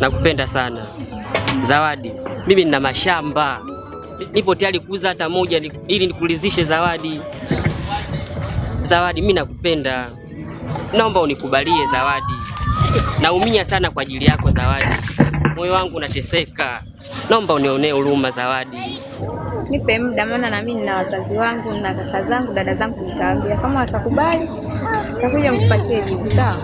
Nakupenda sana Zawadi, mimi nina mashamba nipo tayari kuuza hata moja ili nikulizishe Zawadi. Zawadi, mimi nakupenda, naomba unikubalie Zawadi. Naumia sana kwa ajili yako Zawadi, moyo wangu unateseka, naomba unionee huruma Zawadi. Nipe muda, maana na mimi nina wazazi wangu na kaka zangu, dada zangu, nitaambia kama watakubali, nitakuja mkupatie jibu, sawa?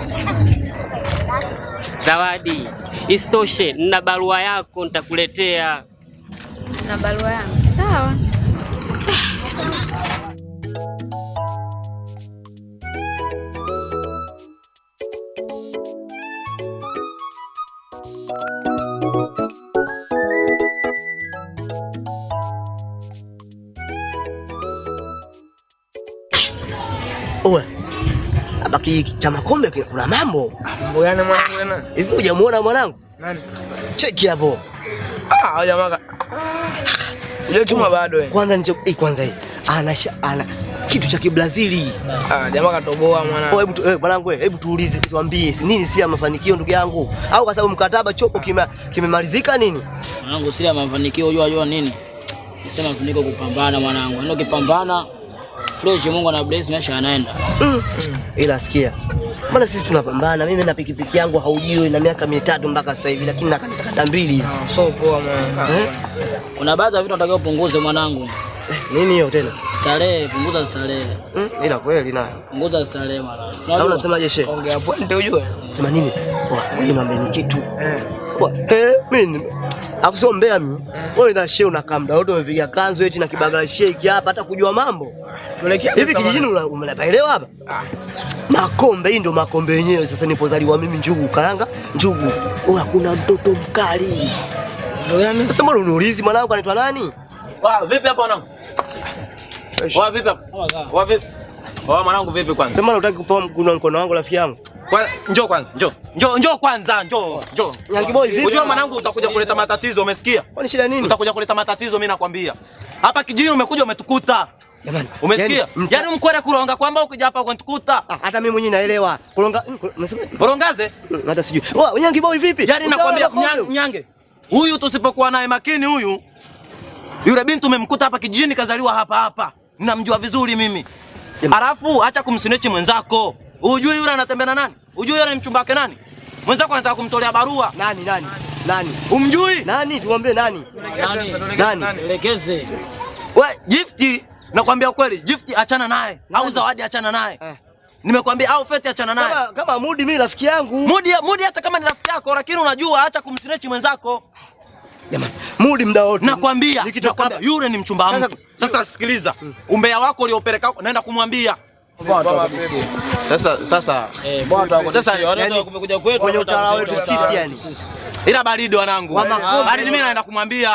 Zawadi, isitoshe nina barua yako nitakuletea. Na barua yangu, sawa? Uwe. Abaki cha Makombe kuna mambo. Mambo gani mwanangu tena? Ah, hivi hujamuona mwanangu? Nani? Cheki hapo. Ah, jamaa. Ile chuma bado wewe. Kwanza ni hii kwanza hii. Ana ana kitu cha Kibrazili. Ah, jamaa katoboa mwanangu. Oh, hebu eh, mwanangu wewe, eh, hebu tuulize, tuambie nini si mafanikio ndugu yangu? Au kwa sababu mkataba chopo kimemalizika kime nini? Mwanangu si mafanikio, unajua unajua nini? Nasema mafanikio kupambana mwanangu. Ndio yaani kipambana fresh, Mungu ana bless maisha yanaenda. Mm. Mm. Ila sikia. Mbona sisi tunapambana. Mimi na pikipiki yangu haujui na miaka mitatu mpaka sasa hivi lakini nakata mbili hizi. Ah, so poa mwana. Eh? Kuna baadhi ya vitu nataka upunguze mwanangu. Nini hiyo tena? Starehe, punguza starehe. Mm, ila kweli na. Punguza starehe mwanangu. Na unasemaje shehe? Ongea poa ndio ujue. Sema nini? Wewe niambie ni kitu. Eh. Kwa eh, mimi afu sio mbea mimi. Wewe na shehe unakaa muda wote umepiga kanzu eti na kibagala sheki hapa hata kujua mambo. Hivi kijijini unaelewa hapa? Ah. Makombe hii ndio makombe yenyewe sasa nilipozaliwa mimi njugu karanga njugu. Wewe kuna mtoto mkali. Sasa mbona uniulizi mwanangu anaitwa nani? Wa vipi hapa mwanangu? Wa vipi hapa? Wa vipi? Wa mwanangu vipi kwanza? Sema unataka kupoa mkono wangu rafiki yangu. njoo kwanza, njoo. Njoo njoo kwanza njoo njoo. Yangi boy vipi? Unajua mwanangu utakuja kuleta matatizo umesikia? Kwani shida nini? Utakuja kuleta matatizo mimi nakwambia. Hapa kijijini umekuja umetukuta. Jamani, umesikia? Yaani mkwara kuronga kwamba ukija hapa Ah, Hata mimi mwenyewe naelewa. Kuronga umesema? Kurongaze? Mm, hata sijui. Wewe Yangi boy vipi? Yaani nakwambia mnyange. Huyu tusipokuwa naye makini huyu yule binti umemkuta hapa kijijini kazaliwa hapa hapa. Ninamjua vizuri mimi. Alafu acha kumsinechi mwenzako. Hujui yule anatembea na nani? Ujui yule mchumba wake nani? Mwenzako anataka kumtolea barua. Nani nani? Nani? Umjui? Nani? Tuambie nani? Nani? Nani? Elekeze. We, Gift, nakwambia kweli, Gift achana naye. Au Zawadi achana naye. Eh. Nimekwambia au Feti achana naye. Kama kama Mudi mimi rafiki yangu. Mudi Mudi hata kama ni rafiki yako lakini unajua acha kumsinechi mwenzako. Jamani, Mudi mda wote. Nakwambia, nakwambia yule ni mchumba wangu. Sasa sikiliza. Umbea wako uliopeleka naenda kumwambia. Sasa sasa eh, kwenye utawala wetu sisi yani. Ila baridi wanangu. Baridi mimi naenda kumwambia.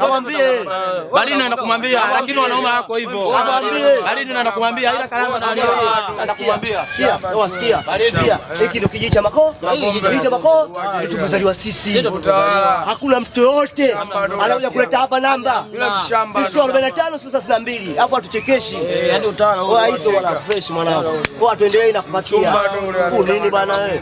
Kumwambie. Baridi naenda kumwambia lakini wanaume wako hivyo. Kumwambie. Baridi naenda kumwambia ila karanga naenda kumwambia. Sikia, wasikia. Sikia. Hiki ndio kijiji cha Makoo. Kijiji cha Makoo tulipozaliwa sisi. Hakuna mtu yote anakuja kuleta hapa namba. Sisi 45 sasa 32. Hapo atuchekeshi. Yaani utawala wao hizo wala fresh fresh mwanangu. Poa, tuendelee na kupatia. Nini bwana wewe?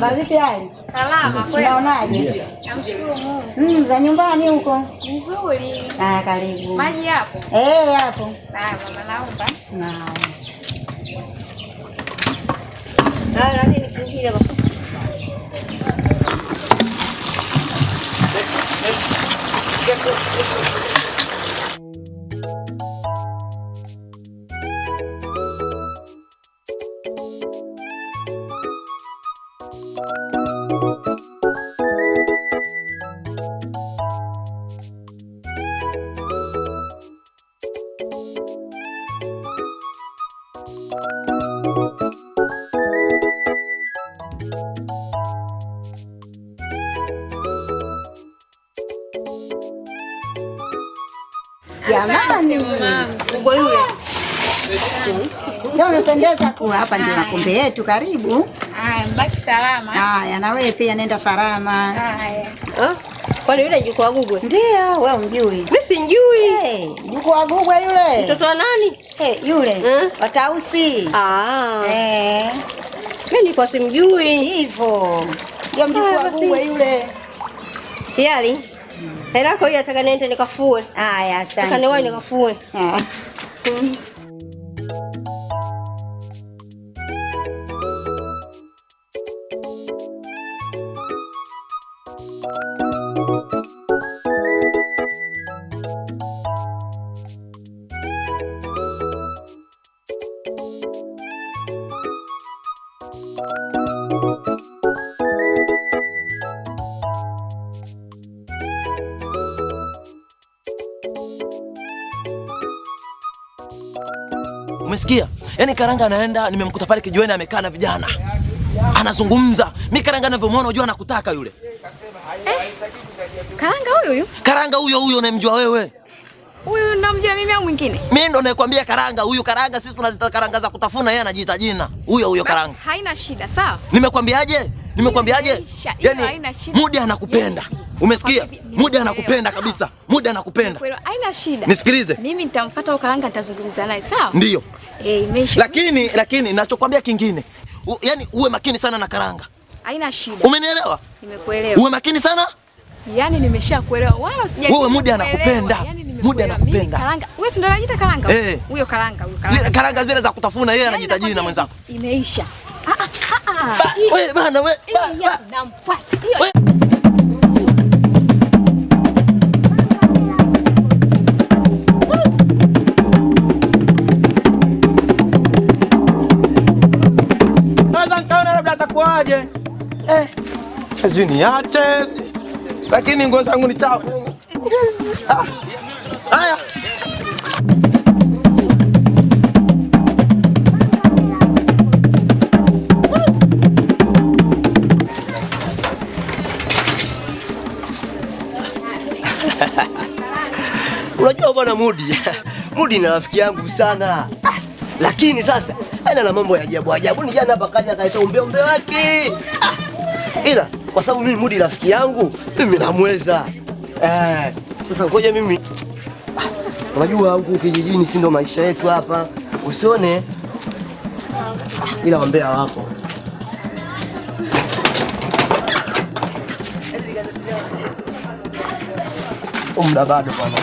bà biết mà quên Habari gani? Salama kweli. Unaonaje? Namshukuru đi Mm, za nyumbani huko? Nzuri. Ah, karibu. Maji yapo? Eh, yapo. Ah, mama naomba. Naam. Ah, nani nikiingia baba? Thank you. Jamani, umependeza kuwa hapa. Ndio makombe yetu, karibu. Basi salama. Haya, na wewe pia nenda salama. Kwani yule mjukuu wa Gugwe? Ndio, wewe umjui? Mimi simjui. Hey, mjukuu Gugwe yule. Mtoto wa nani? Hey, yule. Hmm? Watausi. Ah. Eh. Hey. Mimi nilikuwa simjui. Hivyo. Ndio mjukuu ah, Gugwe yule. Yali. Hela yako hiyo nataka niende nikafue. Haya, asante. Nataka niwahi nikafue. Ah. Umesikia? Yaani Karanga anaenda, nimemkuta pale kijiweni amekaa na vijana anazungumza. Mi Karanga anavyomwona unajua anakutaka yule. Eh, Karanga huyo huyo? Karanga huyo huyo unamjua wewe? Huyu namjua mimi au mwingine? Mimi ndo nakwambia Karanga huyu. Karanga sisi tunazita karanga za kutafuna, yeye anajiita jina huyo huyo Karanga. Haina shida, sawa? Nimekwambiaje? Nimekwambiaje? Yaani mudi anakupenda. Yaani Umesikia? Muda anakupenda kabisa. Muda anakupenda. Haina shida. Nisikilize. Mimi nitamfuata huko karanga nitazungumza naye, sawa? Ndio. Eh, imeisha. lakini lakini ninachokwambia kingine. U, yani uwe makini sana na karanga. Haina shida. Umenielewa? Nimekuelewa. Uwe makini sana? Yaani nimeshakuelewa. Wao sijaji. Wewe muda anakupenda. Muda anakupenda. Karanga. Wewe si ndo unajiita karanga? Eh. Huyo karanga, huyo karanga. Karanga zile za kutafuna yeye anajiita yaani jini na mwenzako. Imeisha. Ah ah ah. Wewe ah. bana wewe. Namfuata. Hiyo. kazi niache, lakini nguo zangu ni chafu. Ah. Haya. Unajua bwana Mudi, Mudi ni rafiki yangu sana, lakini sasa ana na mambo ya ajabu ajabu. Ni jana hapa kaja kaita umbe umbe wake, ah. ila kwa sababu mimi Mudi rafiki yangu mimi namweza. Eh, sasa ngoja mimi, unajua huku kijijini, si ndo maisha yetu hapa, usione ila wambea wapo. Muda bado bwana.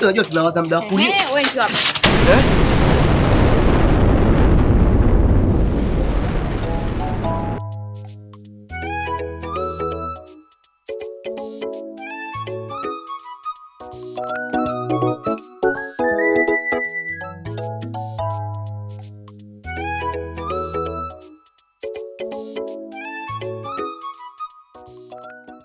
4여 들어갔답니다. 우리 네, 왼쪽. 네? thank you